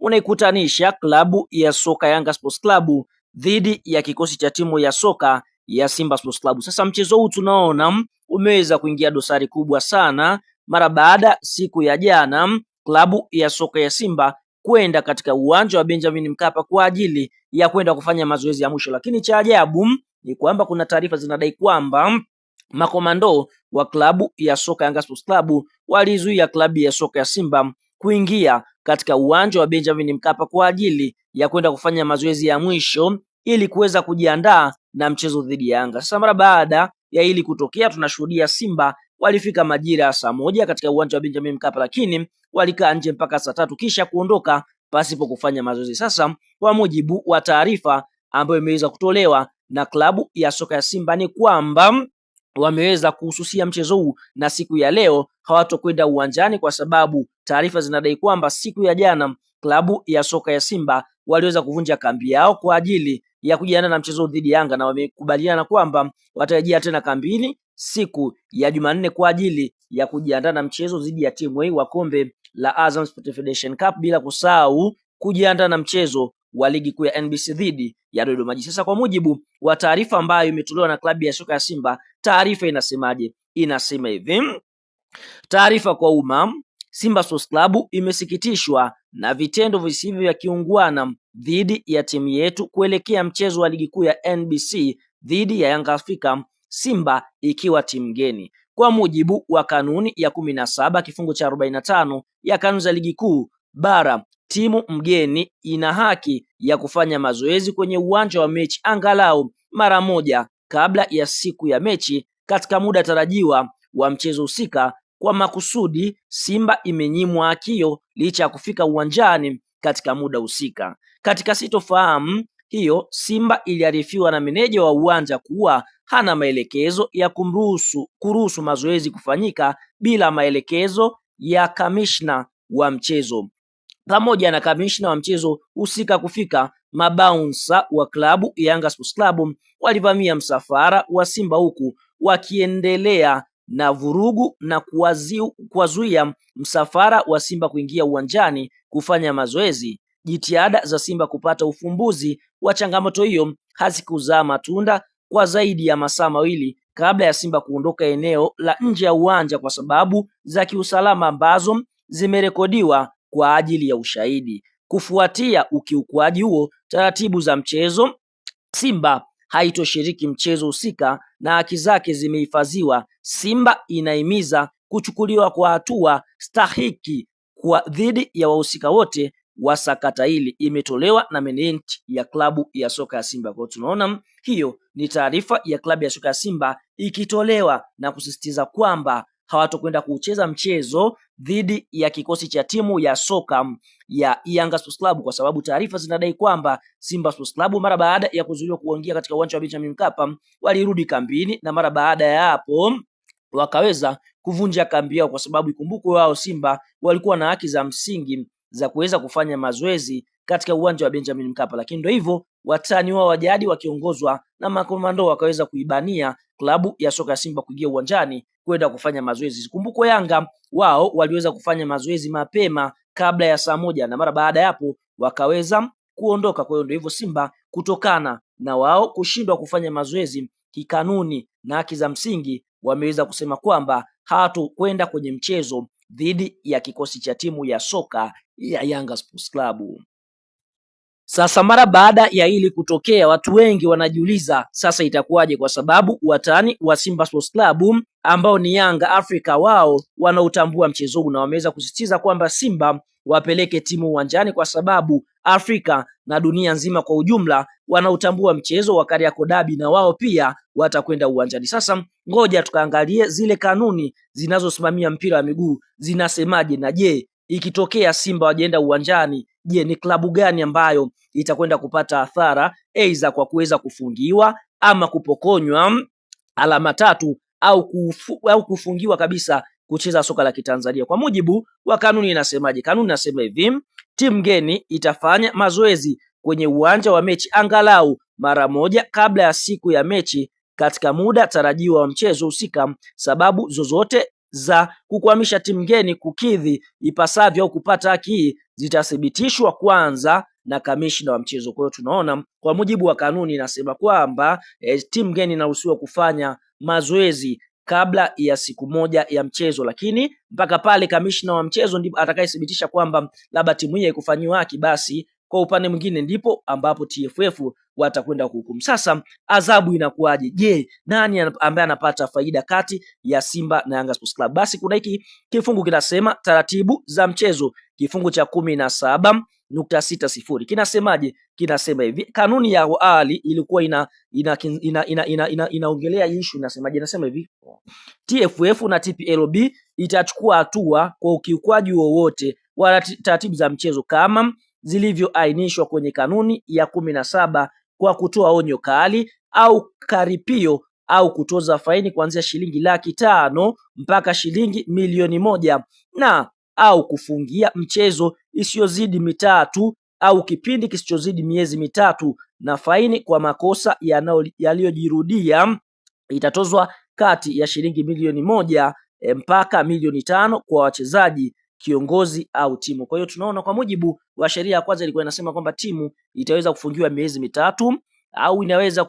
unaikutanisha klabu ya soka Yanga Sports Club dhidi ya kikosi cha timu ya soka ya Simba Sports Club. Sasa mchezo huu tunaona umeweza kuingia dosari kubwa sana mara baada siku ya jana klabu ya soka ya Simba kwenda katika uwanja wa Benjamin Mkapa kwa ajili ya kwenda kufanya mazoezi ya mwisho, lakini cha ajabu ni kwamba kuna taarifa zinadai kwamba makomando wa klabu ya soka Yanga Sports Club walizuia klabu ya soka ya Simba kuingia katika uwanja wa Benjamin Mkapa kwa ajili ya kwenda kufanya mazoezi ya mwisho ili kuweza kujiandaa na mchezo dhidi ya Yanga. Sasa mara baada ya hili kutokea, tunashuhudia Simba walifika majira ya saa moja katika uwanja wa Benjamin Mkapa, lakini walikaa nje mpaka saa tatu kisha kuondoka pasipo kufanya mazoezi. Sasa kwa mujibu wa taarifa ambayo imeweza kutolewa na klabu ya soka ya Simba ni kwamba wameweza kuhususia mchezo huu na siku ya leo hawatokwenda uwanjani kwa sababu taarifa zinadai kwamba siku ya jana klabu ya soka ya Simba waliweza kuvunja kambi yao kwa ajili ya kujiandaa na mchezo dhidi Yanga na wamekubaliana kwamba watarejea tena kambini siku ya Jumanne kwa ajili ya kujiandaa na mchezo dhidi ya timu wa kombe la Azam Sports Federation Cup bila kusahau kujiandaa na mchezo wa ligi kuu ya NBC dhidi ya Dodoma Jiji. Sasa kwa mujibu wa taarifa ambayo imetolewa na klabu ya soka ya Simba, taarifa inasemaje? Inasema hivi: taarifa kwa umma, Simba Sports Club imesikitishwa na vitendo visivyo vya kiungwana dhidi ya timu yetu kuelekea mchezo wa ligi kuu ya NBC dhidi ya Yanga Afrika, Simba ikiwa timu geni Kwa mujibu wa kanuni ya kumi na saba kifungu cha arobaini na tano ya kanuni za ligi kuu bara timu mgeni ina haki ya kufanya mazoezi kwenye uwanja wa mechi angalau mara moja kabla ya siku ya mechi katika muda tarajiwa wa mchezo husika. Kwa makusudi, Simba imenyimwa haki hiyo licha ya kufika uwanjani katika muda husika. Katika sitofahamu hiyo, Simba iliarifiwa na meneja wa uwanja kuwa hana maelekezo ya kumruhusu kuruhusu mazoezi kufanyika bila maelekezo ya kamishna wa mchezo pamoja na kamishna wa mchezo husika kufika, mabaunsa wa klabu Yanga Sports Club walivamia msafara wa Simba huku wakiendelea na vurugu na kuwazuia msafara wa Simba kuingia uwanjani kufanya mazoezi. Jitihada za Simba kupata ufumbuzi wa changamoto hiyo hazikuzaa matunda kwa zaidi ya masaa mawili kabla ya Simba kuondoka eneo la nje ya uwanja kwa sababu za kiusalama ambazo zimerekodiwa kwa ajili ya ushahidi. Kufuatia ukiukwaji huo taratibu za mchezo, Simba haitoshiriki mchezo husika na haki zake zimehifadhiwa. Simba inahimiza kuchukuliwa kwa hatua stahiki kwa dhidi ya wahusika wote wa sakata hili. Imetolewa na menejimenti ya klabu ya soka ya Simba. Kwa tunaona hiyo ni taarifa ya klabu ya soka ya Simba ikitolewa na kusisitiza kwamba hawatokwenda kucheza mchezo dhidi ya kikosi cha timu ya soka ya Yanga Sports Club, kwa sababu taarifa zinadai kwamba Simba Sports Club mara baada ya kuzuiwa kuongea katika uwanja wa Benjamin Mkapa walirudi kambini, na mara baada ya hapo wakaweza kuvunja kambi yao, kwa sababu ikumbukwe wao Simba walikuwa na haki za msingi za kuweza kufanya mazoezi katika uwanja wa Benjamin Mkapa, lakini ndio hivyo watani wao wa wakiongozwa na makomando wakaweza kuibania klabu ya soka ya Simba kuingia uwanjani kwenda kufanya mazoezi. kumbuko Yanga wao waliweza kufanya mazoezi mapema kabla ya saa moja na mara baada ya hapo wakaweza kuondoka. Kwa hiyo ndio hivyo Simba kutokana na wao kushindwa kufanya mazoezi kikanuni na haki za msingi, wameweza kusema kwamba hawatokwenda kwenye mchezo dhidi ya kikosi cha timu ya soka ya Yanga Sports Club. Sasa mara baada ya hili kutokea, watu wengi wanajiuliza sasa itakuwaje, kwa sababu watani wa Simba Sports Club ambao ni Yanga Africa wao wanautambua mchezo huu na wameweza kusisitiza kwamba Simba wapeleke timu uwanjani kwa sababu Afrika na dunia nzima kwa ujumla wanautambua mchezo wa Kariakoo Derby na wao pia watakwenda uwanjani. Sasa ngoja tukaangalie zile kanuni zinazosimamia mpira wa miguu zinasemaje, na je, ikitokea Simba wajaenda uwanjani, je, ni klabu gani ambayo itakwenda kupata athara aidha kwa kuweza kufungiwa ama kupokonywa alama tatu au, kufu, au kufungiwa kabisa kucheza soka la Kitanzania. Kwa mujibu wa kanuni inasemaje? Kanuni inasema hivi: timu geni itafanya mazoezi kwenye uwanja wa mechi angalau mara moja kabla ya siku ya mechi katika muda tarajiwa wa mchezo husika. Sababu zozote za kukwamisha timu geni kukidhi ipasavyo au kupata haki hii zitathibitishwa kwanza na kamishna wa mchezo. Kwa hiyo tunaona kwa mujibu wa kanuni inasema kwamba eh, timu geni inaruhusiwa kufanya mazoezi kabla ya siku moja ya mchezo, lakini mpaka pale kamishna wa mchezo ndipo atakayethibitisha kwamba labda timu hii haikufanyiwa haki, basi kwa upande mwingine ndipo ambapo TFF watakwenda kuhukumu. Sasa adhabu inakuwaje? Je, nani ambaye anapata faida kati ya Simba na Yanga Sports Club? Basi kuna hiki kifungu kinasema, taratibu za mchezo kifungu cha kumi na saba nukta sita sifuri kinasemaje? Kinasema hivi, kanuni ya awali ilikuwa ina ina, ina, ina, ina, ina ishu inasemaje? Inasema hivi, TFF na TPLB itachukua hatua kwa ukiukwaji wowote wa taratibu za mchezo kama zilivyoainishwa kwenye kanuni ya kumi na saba kwa kutoa onyo kali au karipio au kutoza faini kuanzia shilingi laki tano mpaka shilingi milioni moja na au kufungia mchezo isiyozidi mitatu au kipindi kisichozidi miezi mitatu, na faini kwa makosa yaliyojirudia itatozwa kati ya shilingi milioni moja e, mpaka milioni tano kwa wachezaji kiongozi au timu. Kwa hiyo tunaona kwa mujibu wa sheria ya kwanza ilikuwa inasema kwamba timu itaweza kufungiwa miezi mitatu au inaweza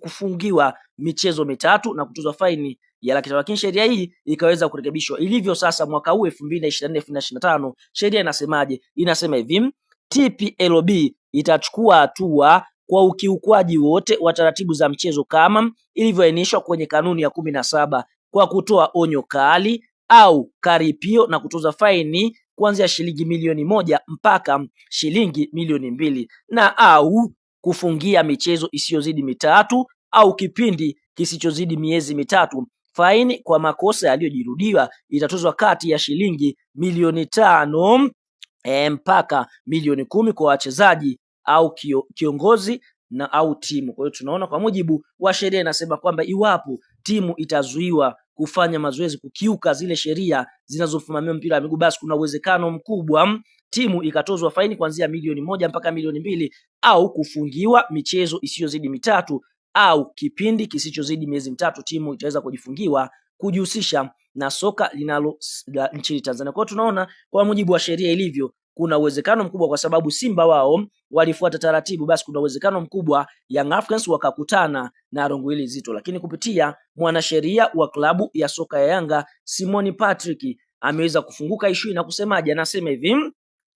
kufungiwa michezo mitatu na kutozwa faini ya laki lakini sheria hii ikaweza kurekebishwa ilivyo sasa. Mwaka huu 2024 2025 sheria inasemaje? Inasema hivi TPLB itachukua hatua kwa ukiukwaji wote wa taratibu za mchezo kama ilivyoainishwa kwenye kanuni ya kumi na saba kwa kutoa onyo kali au karipio na kutoza faini kuanzia shilingi milioni moja mpaka shilingi milioni mbili na au kufungia michezo isiyozidi mitatu au kipindi kisichozidi miezi mitatu faini kwa makosa yaliyojirudiwa itatozwa kati ya shilingi milioni tano eh, mpaka milioni kumi kwa wachezaji au kiongozi na au timu. Kwa hiyo tunaona kwa mujibu wa sheria inasema kwamba iwapo timu itazuiwa kufanya mazoezi kukiuka zile sheria zinazosimamia mpira wa miguu, basi kuna uwezekano mkubwa timu ikatozwa faini kuanzia milioni moja mpaka milioni mbili au kufungiwa michezo isiyozidi mitatu au kipindi kisichozidi miezi mitatu timu itaweza kujifungiwa kujihusisha na soka linalo la nchini Tanzania. Kwa tunaona kwa mujibu wa sheria ilivyo, kuna uwezekano mkubwa kwa sababu Simba wao walifuata taratibu, basi kuna uwezekano mkubwa Young Africans wakakutana na rungu hili zito, lakini kupitia mwanasheria wa klabu ya soka ya Yanga Simoni Patrick ameweza kufunguka ishu na kusemaje? Anasema hivi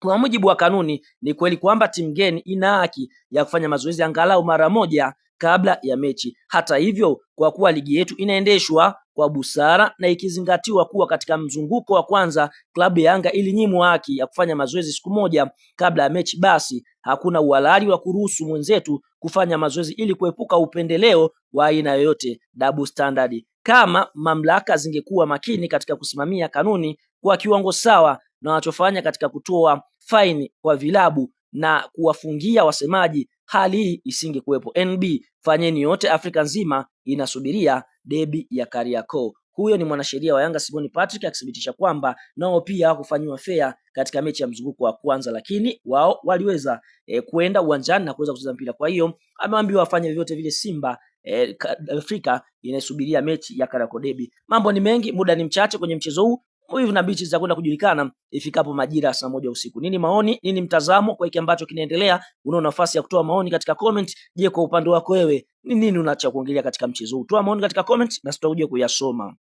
kwa mujibu wa kanuni, ni kweli kwamba timu geni ina haki ya kufanya mazoezi angalau mara moja kabla ya mechi. Hata hivyo, kwa kuwa ligi yetu inaendeshwa kwa busara na ikizingatiwa kuwa katika mzunguko wa kwanza klabu ya Yanga ilinyimwa haki ya kufanya mazoezi siku moja kabla ya mechi, basi hakuna uhalali wa kuruhusu mwenzetu kufanya mazoezi ili kuepuka upendeleo wa aina yoyote. Double standard. Kama mamlaka zingekuwa makini katika kusimamia kanuni kwa kiwango sawa na wanachofanya katika kutoa faini kwa vilabu na kuwafungia wasemaji hali hii isingekuwepo. NB, fanyeni yote, Afrika nzima inasubiria debi ya Kariakoo. Huyo ni mwanasheria wa Yanga Simoni Patrick akithibitisha kwamba nao pia hawakufanyiwa fea katika mechi ya mzunguko wa kwanza, lakini wao waliweza e, kuenda uwanjani na kuweza kucheza mpira. Kwa hiyo ameambiwa afanye vyote vile. Simba e, Afrika inasubiria mechi ya Kariakoo Derby. Mambo ni mengi, muda ni mchache kwenye mchezo huu mbivu na mbichi zitakwenda kujulikana ifikapo majira ya saa moja usiku. Nini maoni, nini mtazamo kwa hiki ambacho kinaendelea? Unao nafasi ya kutoa maoni katika comment. Je, kwa upande wako wewe ni nini unacho kuongelea katika mchezo huu? Toa maoni katika comment na sitakuja kuyasoma.